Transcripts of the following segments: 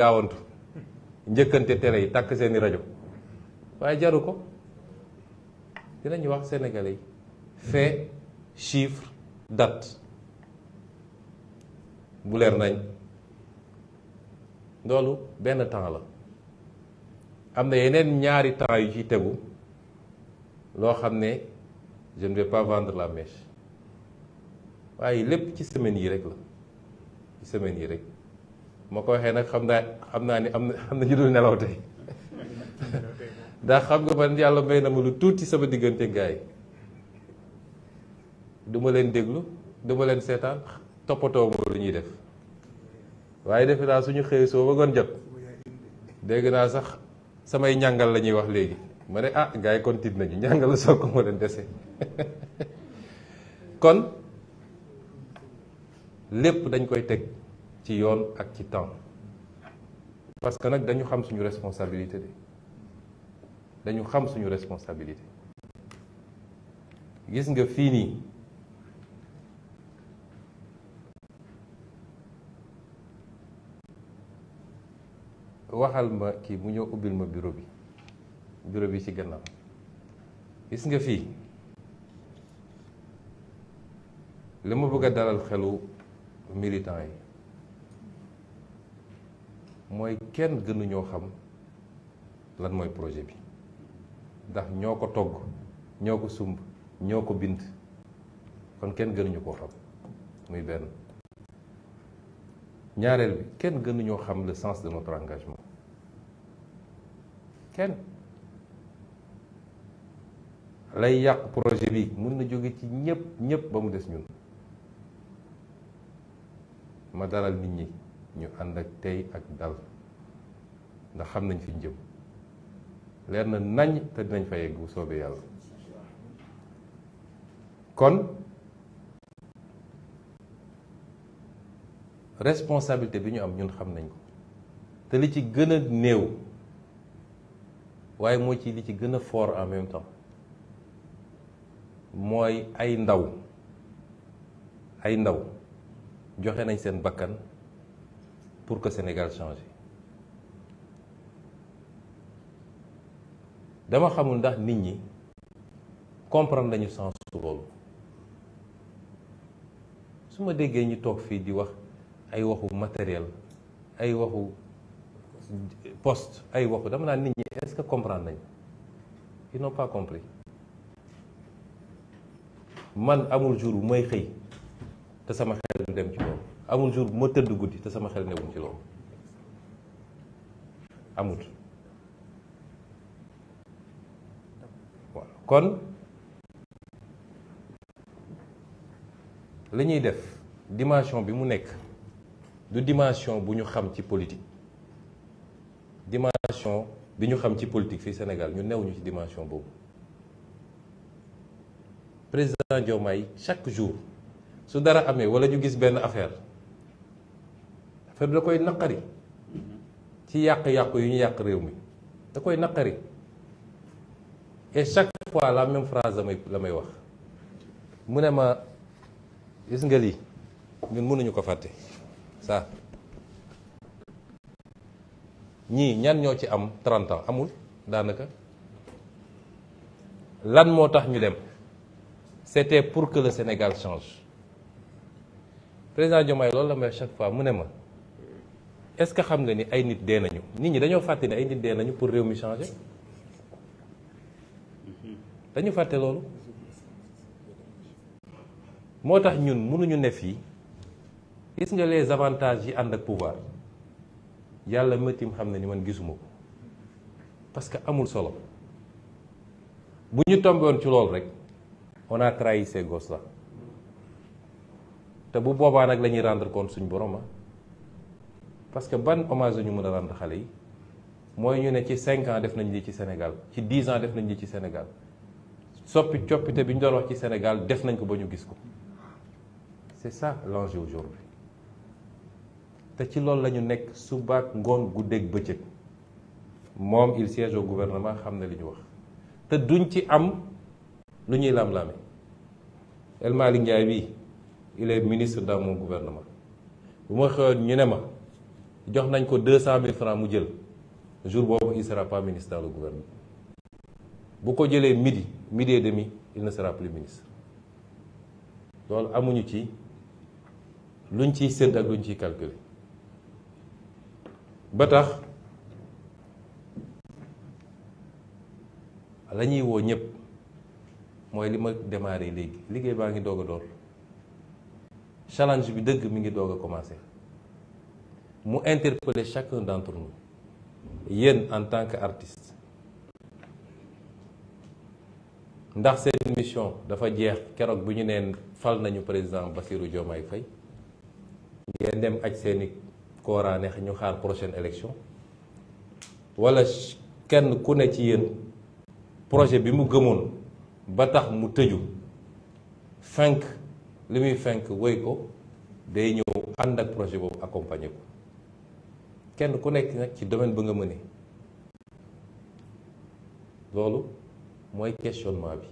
gaawantu njëkkante télé yi tàkk seeni rajo waaye jaru ko dinañu wax sénégalais yi fait chiffre date bu nañ loolu benn temps la am na yeneen ñaari temps yu ci tegu loo xam ne je ne pas vendre la mèche waaye lépp ci semaine yi rek la ci semaine yi rek ma ko waxee nag xam naa xam naa ni am na am na ñu dul nelaw tey ndax xam nga man yàlla may na ma lu tuuti sama diggante gaay duma leen déglu duma leen seetaan toppatoo lu ñuy def waaye defe naa suñu xëyee soo bëggoon jot dégg naa sax samay ñàngal la ñuy wax léegi ma ne ah gars yi kon tiit nañu ñàngal la soo ko ma leen dese kon lépp dañ koy teg. ci yoon ak ci temps parce que nag dañu xam suñu responsabilité de dañu xam suñu responsabilité gis nga fii nii waxal ma kii mu ñëw ubbil ma bureau bi bureau bi ci gannaaw gis nga fii li ma bëgg a dalal xelu militant yi mooy kenn gënuñoo xam lan mooy projet bi ndax ñoo ko togg ñoo ko sumb ñoo ko bind kon kenn gënuñu koo xam muy benn ñaareel bi kenn gënuñoo xam le sens de notre engagement kenn lay yàq projet bi mun na jóge ci ñëpp ñëpp ba mu des ñun ma dalal nit ñi ñu ànd ak tey ak dal ndax xam nañ fi njëm leer na nañ te dinañ fa yegg bu soobee yàlla kon responsabilité bi ñu am ñun xam nañ ko te li ci gën a néew waaye moo ci li ci gën a foor en même temps mooy ay ndaw ay ndaw joxe nañ seen bakkan pour que Sénégal change dama xamul ndax nit ñi comprendre nañu sens boobu su ma déggee ñu toog fii di wax ay waxu matériel ay waxu poste ay waxu dama naan nit ñi est-ce que comprendre nañu ils n'ont pas compris man amul jour bu may xëy te sama xel du dem ci boobu amul jour bu ma tëdd guddi te sama xel newul ci loolu amut kon li ñuy def dimension bi mu nekk du dimension bu ñu xam ci politique dimension bi ñu xam ci politique fii Sénégal ñu newuñu ci dimension boobu président Diomaye chaque jour su dara amee walla ñu gis benn affaire fer da koy naqari ci yàq-yàqu yu ñu yàq réew mi da koy naqari et chaque fois la même phrase la may la may wax mu ne ma gis nga lii ñun mënuñu ko fàtte ça ñii ñan ñoo ci am 30 ans amul daanaka lan moo tax ñu dem c'était pour que le Sénégal change président Diomaye loolu la may chaque fois mu ne ma est-ce que xam nga ni ay nit dee nañu nit ñi dañoo fàtte ne ay nit dee nañu pour réew mi changer dañu fàtte loolu moo tax ñun mënuñu nef fii gis nga les avantages yi ànd ak pouvoir yàlla mëtim xam na ni man gisuma ko parce que amul solo bu ñu tomboon ci loolu rek on a trahi ces te bu boobaa nag lañuy ñuy rendre compte suñu borom ma ah. parce que ban hommage ñu mën a rendre xale yi mooy ñu ne ci 5 ans def nañ lii ci Sénégal ci 10 ans def nañ lii ci senegal soppi coppite bi ñu doon wax ci Sénégal def nañ ko ba ñu gis ko c'est ça l'enjeu aujourd'hui te ci loolu la ñu nekk subaak ngoon guddeeg bëccëg moom il siège au gouvernement xam na li ñu wax te duñ ci am lu ñuy lam-laame El Malick Ndiaye bi il ministre dans mon bu ma xëyoon ñu ne ma jox nañ ko deux cent mille francs mu jël jour boobu il sera pas ministre dans le bu ko jëlee midi midi de demi il ne sera plus ministre loolu amuñu ci luñ ciy sédd ak luñ ciy calculer ba tax la ñuy woo ñëpp mooy li ma démarré léegi liggéey baa ngi doog a door challenge bi dëgg mi ngi doog a commencé mu interpeller chacun d'entre nous yéen en tant que qu'artiste ndax seen mission dafa jeex keroog bu ñu neen fal nañu président Bassirou Diomaye Faye ngeen dem aj seeni kooraane ñu xaar prochaine élection wala kenn ku ne ci yéen projet bi mu gëmoon ba tax mu tëju fenk li muy fenk wéy ko day ñëw ànd ak projet boobu accompagner ko kenn ku nekk nag ci domaine ba nga mëne loolu mooy questionnement bi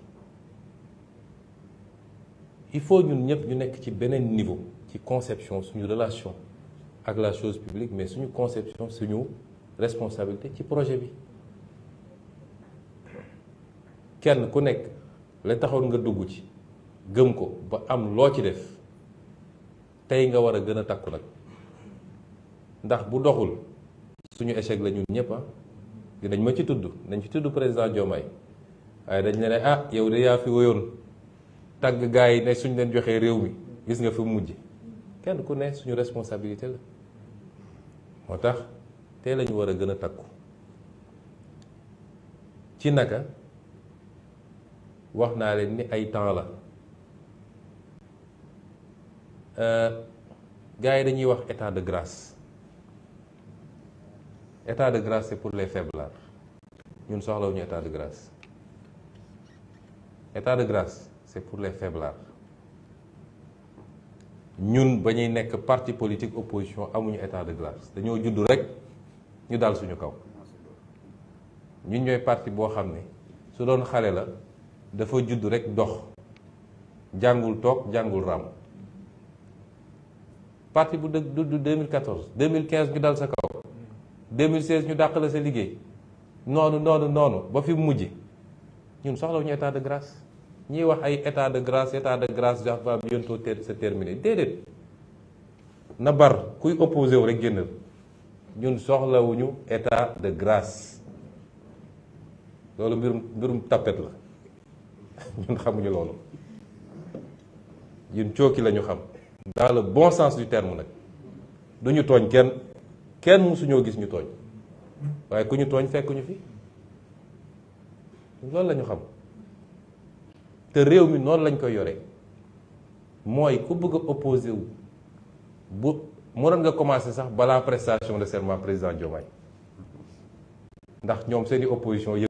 il faut ñun ñëpp ñu nekk ci beneen niveau ci conception suñu relation ak la chose publique mais suñu conception suñu responsabilité ci projet bi kenn ku nekk la taxoon nga dugg ci gëm ko ba am loo ci def tey nga war a gën a takku nag ndax bu doxul suñu échec la ñun ñëpp ah. dinañ ma ci tudd dañ ci tudd président Diomaye waaye dañ ne ah yow de yaa fi wéyoon tàgg gars yi ne suñ leen joxee réew mi gis nga fi mujj kenn ku ne suñu responsabilité la moo tax tey la war a gën a takku ci naka wax naa leen ni ay temps la euh, gars yi dañuy wax état de grace état de grâce c'est pour les faiblards ñun soxlawuñu état de grace état de grace c'est pour les faiblards ñun ba ñuy nekk parti politique opposition amuñu état de grâce dañoo judd rek ñu daal suñu kaw ñun ñooy parti boo xam ne su doon xale la dafa judd rek dox jàngul toog jàngul ràmm parti bu dëgg du 2014 2015 ñu dal sa kaw. 2016 ñu dàq la sa liggéey noonu noonu noonu ba fi mujj ñun soxlawuñu état de grâce ñuy wax ay état de grâce état de grâce genre va bientôt se terminer déedéet na bar kuy opposé wu rek génnal ñun soxlawuñu état de grâce loolu mbirum mbirum tapet la ñun xamuñu loolu ñun cooki lañu xam dans le bon sens du terme nag duñu tooñ kenn kenn mësuñoo gis ñu tooñ waaye ku ñu tooñ fekkuñu fi loolu la ñu xam te réew mi noonu lañ koy yore mooy ku bëgg a opposé wu bu mënoon nga commencé sax balaa prestation de serment président Diomaye ndax ñoom seen i yëpp